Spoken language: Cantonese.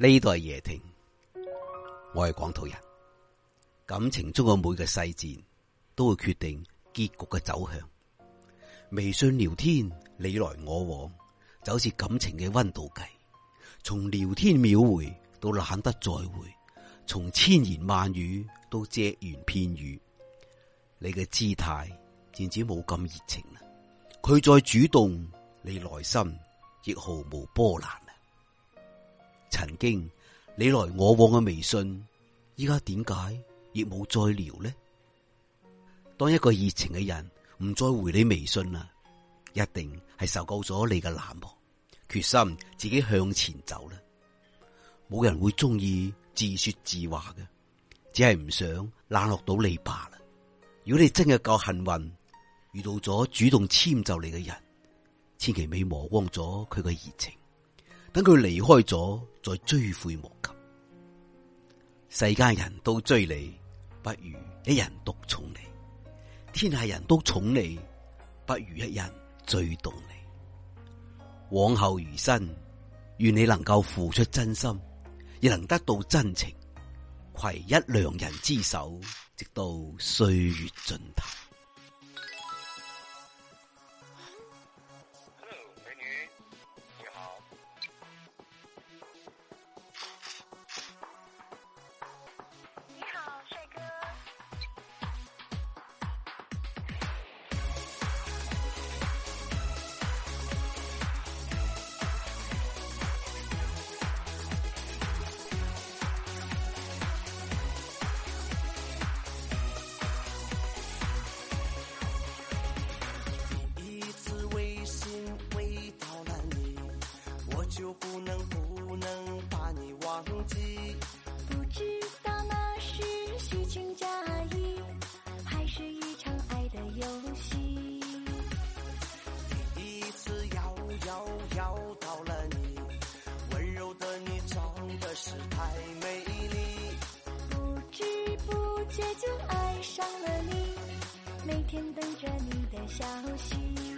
呢度係夜聽，我係廣土人。感情中嘅每個細節，都會決定結局嘅走向。微信聊天，你來我往，就好似感情嘅溫度計。從聊天秒回到懶得再回，從千言萬語到隻言片語，你嘅姿態漸止冇咁熱情。佢再主動，你內心亦毫無波瀾。曾經你來我往嘅微信，依家點解亦冇再聊呢？當一個熱情嘅人唔再回你微信啦，一定係受夠咗你嘅冷漠，決心自己向前走啦。冇人會中意自說自話嘅，只係唔想冷落到你罷啦。如果你真係夠幸運，遇到咗主動遷就你嘅人，千祈咪磨光咗佢嘅熱情。等佢離開咗，再追悔莫及。世間人都追你，不如一人獨寵你；天下人都寵你，不如一人最懂你。往後餘生，願你能夠付出真心，亦能得到真情，攜一良人之手，直到歲月盡頭。天等着你的消息。